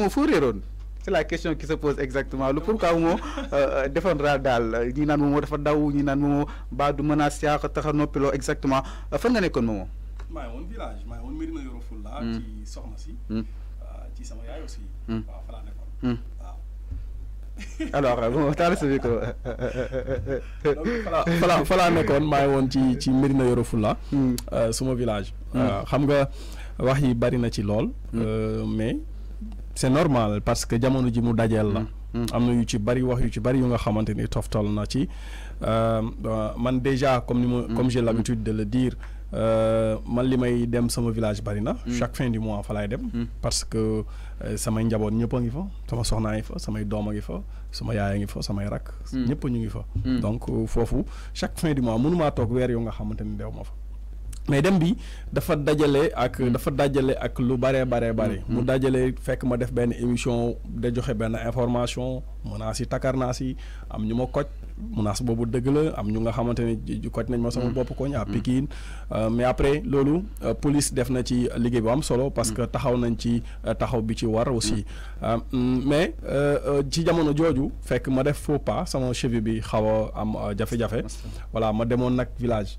moo fóoréeroon c'est la question qui se pose exactement le pourquoi mo euh, euh, défendra dal ñi nan mo dafa daw ñi nan mo ba du menace yaa ko exactement euh, fa nga nekkoon mo maa ngi village maa ngi woon Medina Yoro Fula hmm. ci soxna si hmm. ci sama yaay aussi hmm. wa fa la nekkoon alors bon taal ce micro fala falaa nekkoon maa ngi won ci ci Medina Yoro Fula euh suma village xam nga wax yi bari na ci euh mais c'est normal parce que jamono ji mu dajel la. Mm, mm. am yu ci bari wax yu ci bari yu nga xamanteni toftal na ci euh, euh, man déjà comme mm, comme j'ai l'habitude de le dire euh, man limay dem sama village bari na. chaque fin du mois fa laay dem. parce que sama njaboot ñepp a ngi fa sama soxna ngi fa sama doom a ngi fa sama yaay a ngi fa sama rak. ñepp ñu ngi fa. donc fofu chaque fin du mois mënumaa tok weer yu nga xamanteni ni dew ma fa. mais dem bi dafa dajale ak mm. dafa dajale ak lu bare bare bare mm. mu mm. dajale fekk ma def benn émission da joxe benn information menaces yi takar naa si am ñu ma koj menace boobu dëgg la am ñu nga xamante ni koj nañ ma sama bopp koñ à Pikine euh, mais après loolu euh, police def na ci liggéey bu am solo parce que taxaw nañ ci euh, taxaw bi ci war aussi mais ci jamono jooju fekk ma def faux pas sama cheville bi xaw a am jafe-jafe voilà ma demoon nag village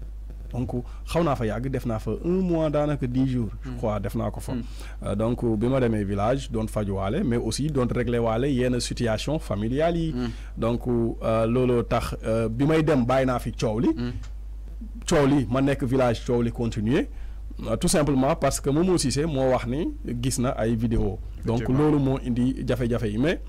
donc xaw fa yag def fa un mois danaka dix jours. je hmm. crois def naa ko fa. Hmm. Euh, donc bima ma demee village doon fajuwaale mais aussi don régler walé yéna situation familiale hmm. donc euh, lolo tax euh, bi dem bayna fi coow li. ma nek village coow continuer tout simplement parce que Momo Cissé mo wax ni gisna na ay vidéo donc lolo mo indi jafé jafé mais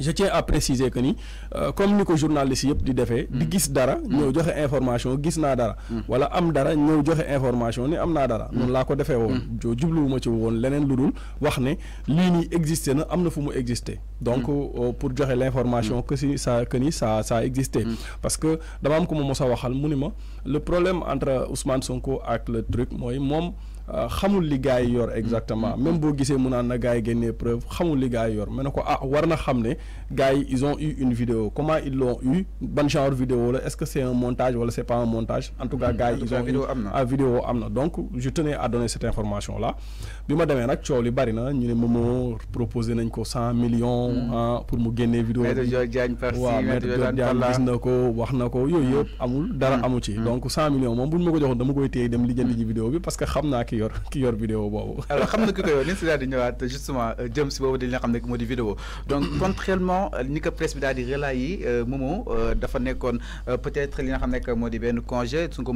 je tiens à préciser que ni euh, comme ni ko journaliste yëpp di défé di mm. gis dara mm. ñeu joxe information gis na dara. Mm. wala am dara ñeu joxe information ni am naa dara. non la ko defee woon. joo jubluwuma ci woon lenen lu wax ne lii nii existé na amna existé. donc euh, pour joxe l'information que si ça que ni ça ça existé. parce que dama am ko va sa waxal mu le problème entre Ousmane Sonko ak le truc mooy moi euh, xamul li gars yor exactement mm-hmm. même boo gisee mu naan na gars yi preuve xamul li gars yor mais ko ah war na xam ne gars ils ont eu une vidéo comment ils l'ont eu ban genre vidéo la est-ce que c'est un montage wala c'est pas un montage en tout cas mm-hmm. gars ils ont eu ah vidéo am na donc je tenais à donner cette information là bi ma demee nag coow li bari na ñu ne Momo proposé nañ ko cent millions mm-hmm. ah, pour mu génnee vidéo waaw Maître Dior Diagne gis na ko wax na ko yooyu yëpp amul dara amu ci donc cent millions moom buñ ma ko joxoon dama koy téye dem lijjanti ji vidéo bi parce que xam naa kii qui est vidéo justement euh, si vidéo donc contrairement ni presse bi daal peut-être li nga congé ko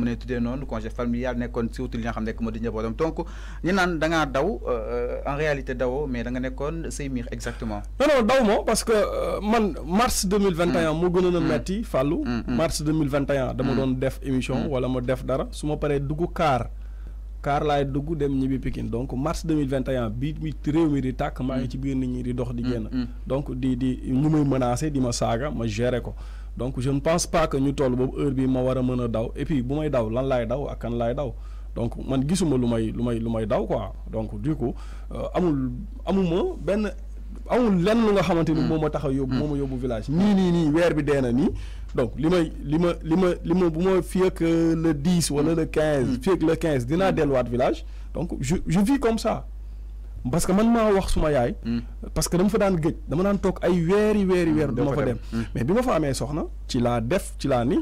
familial nekkoon dit li nga xam ne moo euh, donc ñu naan da ngaa euh, en réalité dawoo mais da exactement non non parce que mars 2021 mm. moo a mm. metti mm, mars 2021 dama def émission wala ma def dara su ma paree dugg car laay dugg dem ñibi Pikine donc mars 2021 bi mi réew mi di tak ma ngi ci biir nit ñi di dox di mm, mm. donc di di ñu muy menacé di ma saga ma gérer ko donc je ne pense pas que ñu toll boobu heure bi ma wara mëna daw et puis bu may daw lan lay daw ak kan lay daw donc man gisuma lu may lu may lu may daw quoi donc du coup euh, amul amuma ben amul lenn nga xamante ni hmm. moom ma tax a yóbbu hmm. moom ma yóbbu village nii nii nii weer bi dee na nii donc li may li ma li ma li ma bu ma fii ak euh, le 10 wala hmm. le 15 fii ak le quinze dinaa delluwaat village donc je je vis comme ça parce que man maa wax suma yaay parce que dama fa daan géej dama daan toog ay weeri weeri weer dama fa dem mais bi ma fa amee soxna ci laa def ci laa ni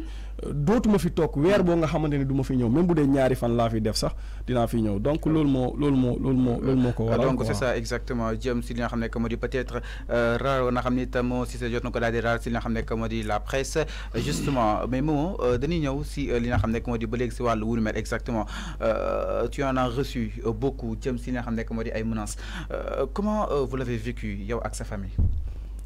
dootuma fi toog weer boo nga xamante ne du ma fi ñëw même bu dee ñaari fan laa fi def sax dinaa fi ñëw donc loolu moo loolu moo loolu moo loolu moo ko waral donc c'est ça exactement jëm si li nga xam ne que moo di peut-être euh, raar na xam ni itam si sa jot na ko daal di raar si li nga xam ne que moo di la presse justement mais moom euh, dañuy ñëw si euh, li nga xam ne que moo di ba léegi si wàllu wunu mel exactement tu en as reçu beaucoup jëm si li nga xam ne que moo di ay menaces comment vous l'avez vécu yow ak sa famille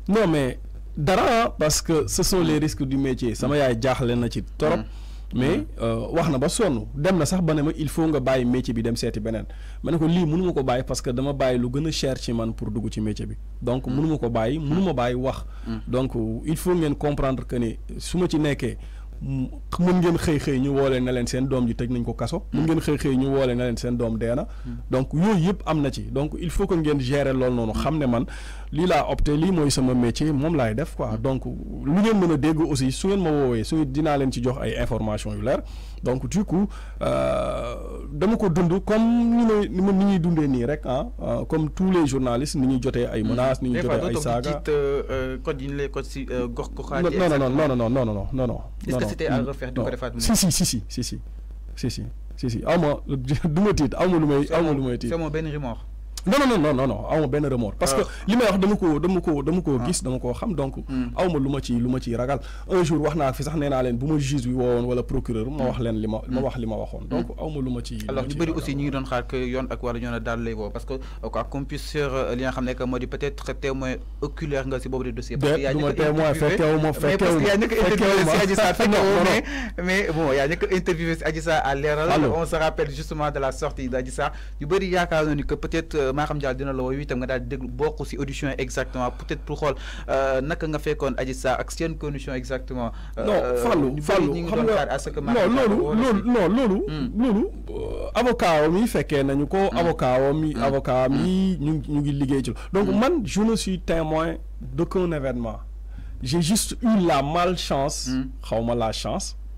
non mais dara parce que ce sont les risques du métier sama yaay jaxlé na ci torop mm. mais mm. Euh, wax na ba sonu dem na sax banema il faut nga baye métier bi dem seeti benen ma ne ko lii mënu mako baye parce que dama baye lu gëna cher ci man pour dugg ci métier bi donc mm. mënu mako baye bàyyi mënu ma bàyyi wax donc il faut ngeen comprendre que ni suma ci nekkee mën ngeen xëy xëy ñu woolee na leen seen doom ji ko mën ngeen ñu donc yooyu yëpp am ci donc il faut que ngeen gérer nous noonu xam man lii opté sama métier moom laay def quoi donc lu ngeen mën dégg aussi su ma nous su dinaa leen ci jox ay information yu donc du coup euh, dama ko dund comme ñu ni ñuy nous rek ah, euh, comme tous les journalistes nous ñuy ay menaces ni ñuy ay saaga non non non non non non non c'était à refaire di defaat si si si si si si si si ma du ma tiit aw ma lu may aw ma lu may tiit. c'est mon benn non non non non non aw ma remords. parce que ah. limay wax dama ko dama ko dama ko ah. gis dama ko xam donc. Hmm. aw ma lu ma ciy lu ragal un jour waxna fi sax neena len buma bu ma juge bi woowoon wala procureur ma hmm. wax len lima ma hmm. wax lima ma donc aw ma lu ma ciy. alors ñu bëri aussi ñi ngi doon xaar que yoon ak wala ñona ne daal lay woo parce que euh, quoi qu'on puisse sur euh, li nga xam que moo peut être témoin oculaire nga ci bobu de dossier. parce que ya ñu témoin fekkeewu ma fekkeewu ma mais mais bon ya ñu interviewé si Adji à leeral on se rappelle justement de la sortie d'adissa Sarr ñu bëri yaakaar que peut être euh, Maham Diallo dina la wooyu itam nga daal di déglu bokk audition exactement peut-être pour xool euh, naka nga fekkoon Adji Sarr ak seen condition exactement. Euh, non Fallou Fallou xam nga non non non non loolu. Hmm. loolu euh, avocat mi fekkee nañu ko. Hmm. avocat mi hmm. avocat mi ñu ñu ngi ci donc man je ne suis témoin d'aucun événement j'ai juste eu la malchance. xaw la chance.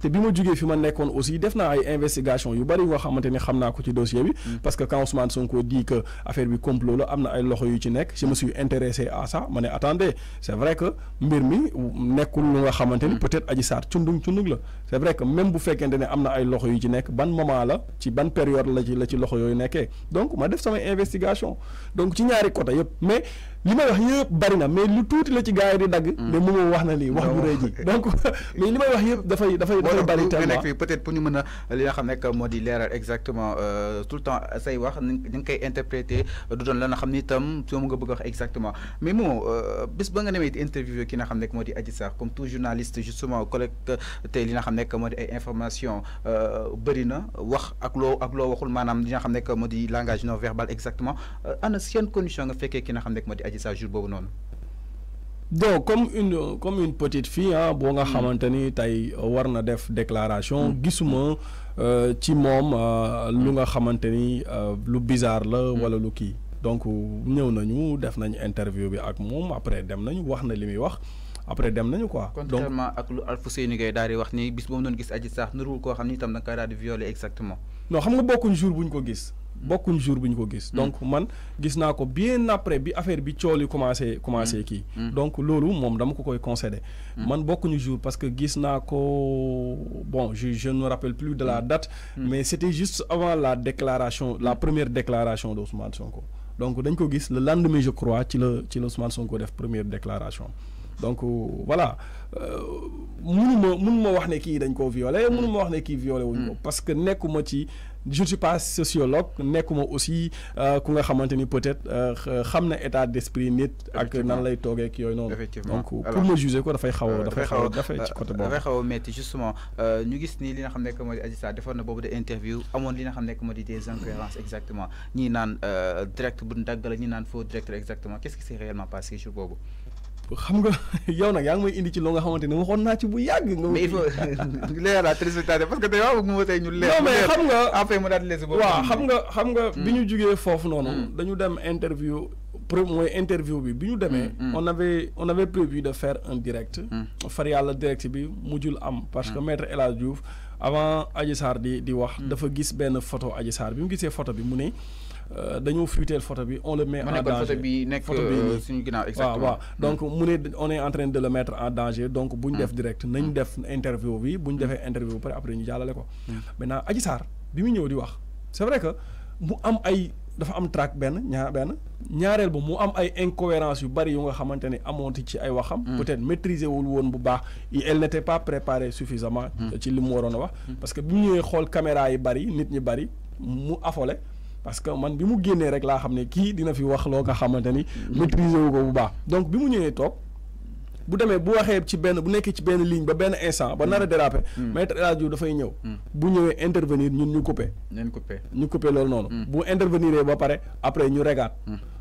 té bima djugé fi ma nekkoon aussi def naa ay investigation yu bari nga xamanteni xamna ko ci dossier bi mm. parce que quand Ousmane Sonko dit que affaire bi complot la amna ay loxo yu ci nek je me suis intéressé à ça mané attendez c'est vrai que mbir mi nekkul lu nga xamanteni mm. peut-être Adji Sarr cundung cundung la c'est vrai que même bu fekkente ne amna ay loxo yu ci nek ban moment la ci ban période la ci la ci loxo yooyu nekkee donc ma def sama investigation donc ci ñaari côté yépp mais li may wax yëpp bari na mais lu tuuti la ci gaay yi di dagg. Mm. mais moom wax na lii wax bu rëy ji donc mais li may wax yëpp dafay dafay dafay bari tellement nekk fii peut-être pour ñu mën a li nga xam nekk moo di leeral exactement euh, tout le temps say wax ni ngi koy interpréter du doon la nga xam ni itam soo nga bëgg wax exactement mais moom euh, bis ba nga demee interview ki nga xam nekk moo di Adji Sarr comme tout journaliste justement collecte tey li nga xam nekk moo di ay information euh, bëri na wax ak loo ak loo waxul maanaam li nga xam nekk moo di langage non verbal exactement ana seen condition nga fekkee ki nga xam nekk moo di Adji sa jour bobu non donc comme une comme une petite fille hein bo nga mm. xamanteni tay tey euh, war na def déclaration mm. gisuma mm. Euh, ci mom euh, lu nga xamanteni lu bizarre la wala lu kii donc ñew nañu def nañ interview bi ak mom après dem nañu wax na limi wax après dem nañu quoi. donc contrairement ak lu Alfousseyni Gaye daal di wax ni bis mom noonu gis aji Sarr nuruwul ko xamni tam itam da nga daal violer exactement. non xam nga bokkuñ jour buñ ko gis. Beaucoup jour jours ñu ko gis. donc hmm. man gis nako bien après bi affaire bi choli commencé commencé hmm. kii. Hmm. donc loolu mom, dama ko koy concédé. man de jour parce que gis nako, bon je je ne me rappelle plus de la date. mais c'était juste avant la déclaration la première déclaration d'Ousmane Sonko donc dañ ko gis le lendemain je crois ci le, ci le Ousmane Sonko def première déclaration donc euh, voilà euh, mënuma mënuma wax ne kii dañ koo violé mm. mënuma wax ne kii violé wuñ ko mm. parce que nekkuma ci je ne suis pas sociologue nekkuma aussi euh, ku nga xamante ni peut-être xam na état d'esprit nit ak nan lay toogee ak yooyu noonu donc pour ma juger ko dafay xaw a dafay xaw a dafay ci côté boobu dafay xaw a métti justement ñu gis ni li nga xam que moo di Adji Sarr defoon na boobu de interview amoon li nga xam que moo di des incohérences exactement ñii naan direct bu ndagg la ñii naan faux direct exactement qu'est-ce qui s'est réellement passé jour boobu xam nga yow nag yaa ngi may indi ci loo nga xamante ne waxoon naa ci bu yàgg. nga mais il faut leeral téléspectateur parce xam nga après mu daal lees boobu. waaw xam nga xam nga. Hmm. bi ñu jugee foofu noonu. Hmm. dañu dem interview. premier mooy interview bi bi ñu demee. Hmm, on avait on avait prévu de faire un direct. far yàlla direct bi mu jul am. parce que maître El Hadj Diouf avant Adji Sarr di di wax. dafa gis benn photo Adji Sarr bi mu gisee photo bi mu ne. Euh, dañu fruiteel photo bi on le met en danger photo bi euh, suñu exactement hmm. donc mu on est en train de le mettre en danger donc buñ hmm. def direct nañ hmm. def interview bi buñ défé interview après après ñu jallalé ko maintenant Adji sar bi mu ñëw di wax c'est vrai que mu am ay dafa am track ben ñaar ben ñaarel bu mu am ay incohérence yu bari yu nga xamante ne amoonti ci ay waxam peut-être maîtriser wul won bu baax elle n'était pas préparée suffisamment ci li mu waroon wax parce que bi mu ñëwee caméra yi bari nit ñi bari mu afolé parce que man bi mu génnee rek la xamné ki dina fi wax lo nga xamante ni maîtriser wu ko bu baax donc bi mu ñëwé top bu démé bu waxé ci benn bu nekkee ci benn ligne ba benn instant ba nar déraper hmm. Hmm. maître El da fay ñëw hmm. bu ñëwé intervenir ñun ñu couper ñen couper ñu couper lool non bu intervenir ba paré après ñu regaat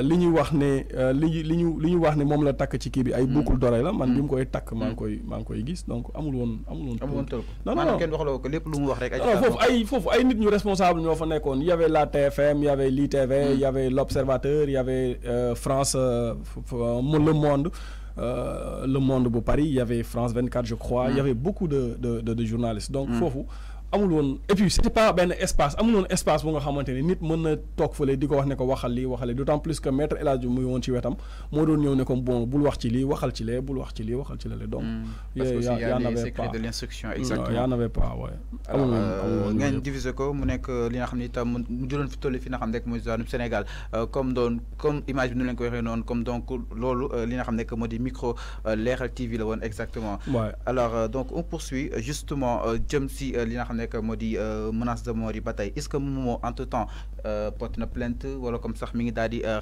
li ñuy wax ne euh, li li ñu li ñu wax ne moom la takk ci kii bi ay mm. boucle d'oreille la man bi mu mm. koy takk maa ngi mm. koy maa ngi koy gis donc amul woon amul woon amul woon tël non non kenn waxloo ko lépp lu mu wax rek ay foofu ay foofu ay nit ñu responsable ñoo fa nekkoon y avait la TFM y avait l'ITV y avait l'Observateur y avait euh, France euh, Le Monde Le Monde bu Paris y avait France 24 je crois y avait beaucoup de de de journalistes donc foofu amul woon et puis c'était pas ben espace amul woon espace bu nga xamante ne nit mën na toog fële di ko wax ne ko waxal waxale d'autant plus que maître El Hadji muy woon ci wetam moo doon ñëw ne ko bon bul wax ci lii waxal ci lee bul wax ci lii waxal ci lee donc. Hmm, parce que il y a les secrets de l'instruction exactement il y en avait pas ouais amul woon euh, amul woon ngeen diviser ko mu nekk euh, li nga xam ne itam mu jëloon fi tolli fi nga xam ne rek mooy zone Sénégal euh, comme doon comme image bi nu leen ko waxee noonu comme donc loolu li nga xam ne moo micro Leral TV la woon exactement. alors donc on poursuit justement jëm si li nga nekk modi euh, menace de mort yi ba est-ce que moo entre temps euh porte na plainte wala comme sax mi ngi daal di euh,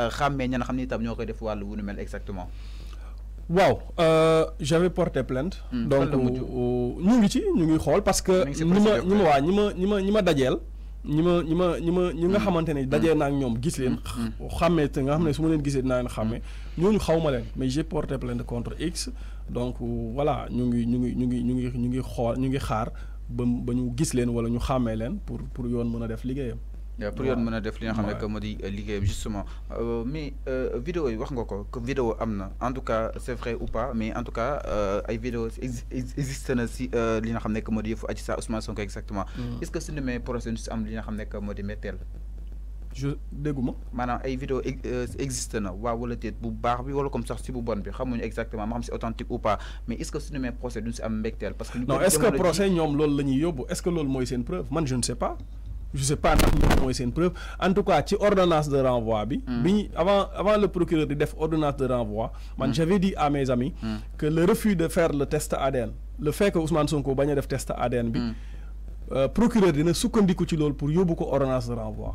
euh, xàmmee xamni tam xam def walu wunu mel exactement. waaw j'avais porté plainte. Hmm, donc ñu ngi ci ñu ngi xol parce que. ñi ma ñi ñima waa ñima ma ñima ma ñi ma dajeel. ñi ma nga hmm. xamante ne dajee ak ñoom gis leen. Hmm, xàmmee te nga xamné suma leen gisé dinaa leen xàmmee ñooñu xaw leen mais j'ai porté plainte contre X donc voilà ñu ngi ñu ngi ñu ngi ñu ngi ñu ngi xool ñu ngi xaar ba ba ñu gis leen wala ñu xàmmee leen pour pour yoon mën a def liggéeyam. pour yoon mën a def li nga xam ne que moo di euh, liggéeyam justement euh, mais euh, vidéo yi wax nga ko que vidéo am na en tout cas c' est vrai ou pas mais en tout cas ay vidéo existe na si li nga xam ne que moo di yëfu Adji Ousmane Sonko exactement. Mm. est ce que su demee processus am li nga xam ne que moo di métteel je dégguma maintenant ay vidéo euh, existe na waaw wala tête bu baax bi comme ça si bu bonne bi exactement ma c'est si authentique ou pas mais est ce que n'est pas procès d'une parce que non est ce que procès ñoom loolu la ñuy est ce que loolu est une preuve man je ne sais pas je sais pas si c'est une preuve en tout cas ci ordonnance de renvoi bi hmm. avant avant le procureur di def ordonnance de renvoi man hmm. j'avais dit à mes amis hmm. que le refus de faire le test ADN le fait que Ousmane Sonko bañ a def test ADN bi euh, procureur dina sukkandiku ci pour yóbbu ko ordonnance de renvoi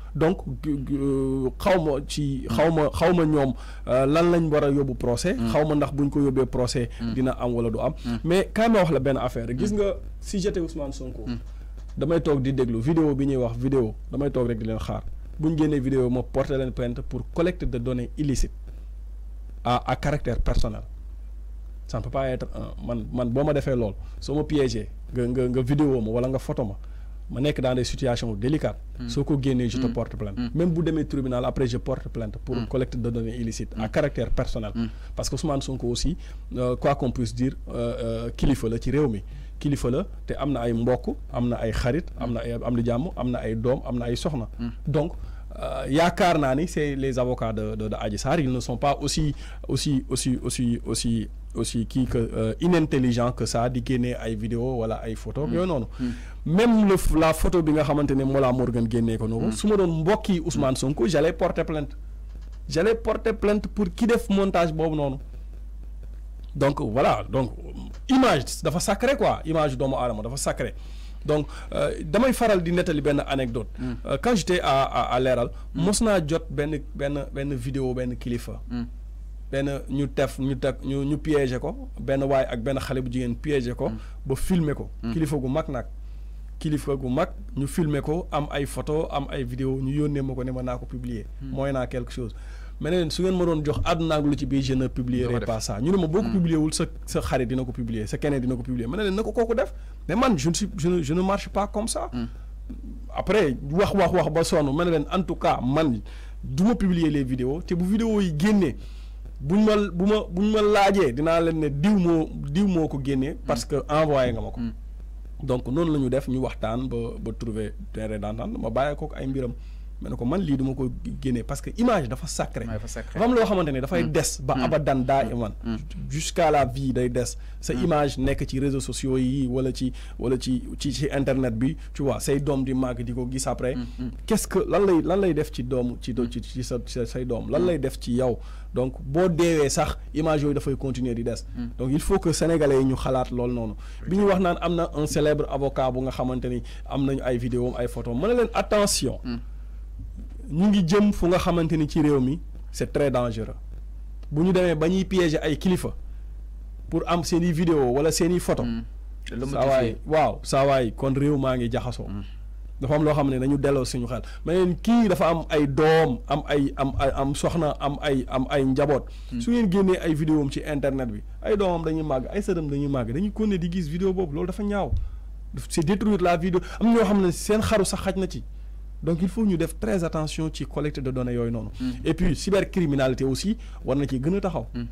donc xawma ci euh, lan lañ procès mm. xawma ndax buñ ko procès mm. dina am wala am mm. mais wax la affaire gis si j'étais Ousmane Sonko damay tok di déglu vidéo bi wax vidéo damay tok rek di vidéo pour collecter de données illicites à caractère personnel ça ne peut pas être man man je défé lool piégé vidéo ma photo ma que dans des situations délicates hmm. soo ko je te hmm. porte plainte hmm. même de mes tribunal après je porte plainte pour collecte de données illicites à caractère personnel parce que Ousmane Sonko aussi euh, quoi qu'on puisse dire euh, euh, kilifa le ci tirer mi kilifa qu'il faut le na ay mbokk amna ay xarit am ay am ay dom, amna ay donc Yakar ni c'est les avocats de de ils ne sont pas aussi aussi aussi aussi aussi aussi qui que euh, inintelligent que ça di génnee ay vidéo voilà ay photo mm. non non mm. même le la photo bi nga xamante ne Mollah la génnee ko noonu mm. su ma doon mbokki Ousmane Sonko j'allais porter plainte j'allais porter plainte pour qui def montage bon non donc voilà donc image dafa sacré quoi image doomu aadama dafa sacré donc euh, damay faral di telle ben anecdote euh, quand j'étais à à Leral mos naa jot ben ben ben vidéo benn kilifa ben ñu tef ñu teg ñu ñu piégé ko ben way ak ben xalé bu jigen piégé ko mm. ba filmer ko mm. kilifa gu mag nag kilifa gu mag ñu filmer ko am ay photo am ay vidéo ñu yónnee mako ko ne ma nako ko publier moy mm. na quelque chose mais ne su ngeen ma doon jox àdduna ak lu ci bi je ne pas ça ñu ne ma beaucoup ko publier wul sa sa xarit dina ko publier sa keneen dina ko publier menen nako leen def mais man je ne suis je ne je ne marche pas comme ça après wax wax wax ba sonu menen en tout cas man duma publier les vidéos té bu vidéo yi génné bu ma bu ma bu ma laajee dinaa leen ne diw moo diw moo ko génnee. Mm. parce que envoyé nga ma ko. Mm. donc noonu la ñu def ñu waxtaan ba ba trouver terrain d'entente ma bàyyi ko ay mbiram. mais ne man lii duma ko parce que image dafa sacré dafa lo loo da fay dess des ba mm. abadan daiman mm. mm. jusqu'à la vie day des sa image nek ci réseaux sociaux yi wala ci wala ci ci ci internet bi tu vois say dom di mag diko ko gis après qu'est-ce que lan lay lan lay def ci dom ci ci ci say dom lan lay def ci yow donc bo déwé sax image da fay continuer di des donc il faut que sénégalais ñu xalaat loolu non bi ñu wax naan amna un célèbre avocat bu nga xamanteni ni ay vidéo ay photo mën attention ñu ngi jëm fu nga xamante ni ci réew mi c'est très dangereux bu ñu demee ba ñuy piéger ay kilifa pour am seen i vidéo wala seen i photo mm. saawaay waaw saawaay kon réew maa ngi jaxasoo mm. dafa am loo xam ne dañu delloo suñu xel mais leen kii dafa am ay doom am ay am ay am soxna am ay am ay njaboot mm. su ngeen génnee ay vidéo am ci internet bi ay doomam dañuy màgg ay sëtam dañuy màgg dañuy continuer di gis vidéo boobu loolu dafa ñaaw si détruire la vidéo am ñoo xam ne seen xaru sax xaj na ci donc il faut ñu faire très attention à la collecte de données mm. et puis cybercriminalité aussi on na qui gën mm.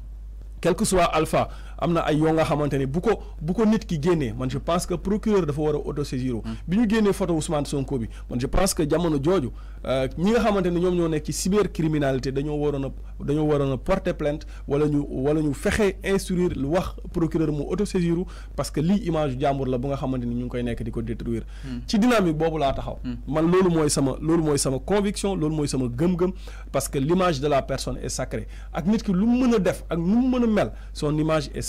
quel que soit alpha amna ay yo nga xamanteni bu ko bu ko nit ki génnee man je pense que procureur dafa war auto saisir hmm. bi ñu génnee photo Ousmane Sonko bi man je pense que jamono jojo euh, ñi nga xamanteni ñom ñoo nek ci cybercriminalité dañoo waroon dañoo waroon a porter plainte wala ñu wala ñu fexé instruire lu wax procureur mu auto autosaisir parce que li image jàmbur la bu nga xamanteni ñu ngi koy nek di ko détruire hmm. ci dynamique bobu la taxaw hmm. man loolu moy sama loolu moy sama conviction loolu moy sama gëm-gëm parce que l'image de la personne est sacrée ak nit ki lu mëna def ak mëna mel son image est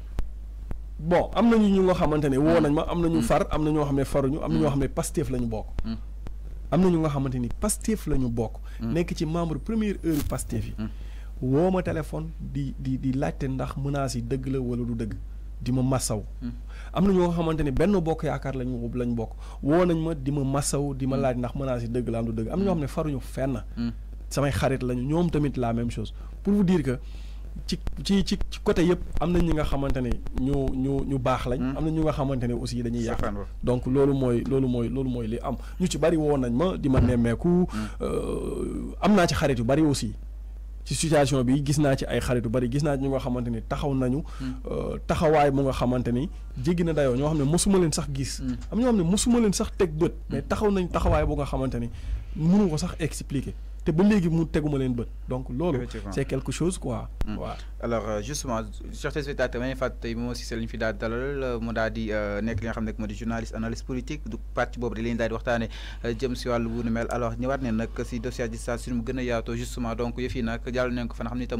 bon am nañu ñu nga wo hmm. nañ ma am hmm. far am am hmm. Pastef nga xamanteni la ci membre première heure Pastef yi téléphone di di di ndax yi la wala du deug di massaw am nga xamanteni benn bok yaakar lañu lañu bok wo nañ ma di massaw di laaj ndax yi la du fenn samay xarit lañu tamit la même chose pour vous dire que ci ci ci ci côté yëpp am na ñi nga xamante ne ñu ñu ñu baax lañ. Hmm. am na ñu nga xamante ne aussi dañuy yàq. donc loolu mooy loolu mooy loolu mooy li am ñu ci bari woon nañ ma di ma nemmeeku. Hmm. Euh, am naa ci xarit yu bari aussi. ci situation bi gis naa ci ay xarit yu bari gis naa ci ñu nga xamante ni taxaw nañu. Hmm. Euh, taxawaay mu nga xamante ni jéggi na dayoo ñoo xam ne mosuma leen sax gis. am ñoo xam ne mosuma leen sax teg bët. mais taxaw nañ taxawaay bu nga xamante ni mënu ko sax expliquer. te ba léegi mu teguma leen bët donc loolu c'est quelque chose quoi waaw hmm. alors euh, justement certains téléspectateurs may fàtt tey moom aussi se fi daal dalal euh, mu daal di euh, nekk li nga xam ne moo di journaliste analyste politique du parti boobu di leen daal di waxtaane jëm si wàllu bu nu mel alors ñëwaat ne nag si dossier di sa suñu mu gën a yaatoo justement donc yëf yi nag jàll nañ ko fa nga xam ne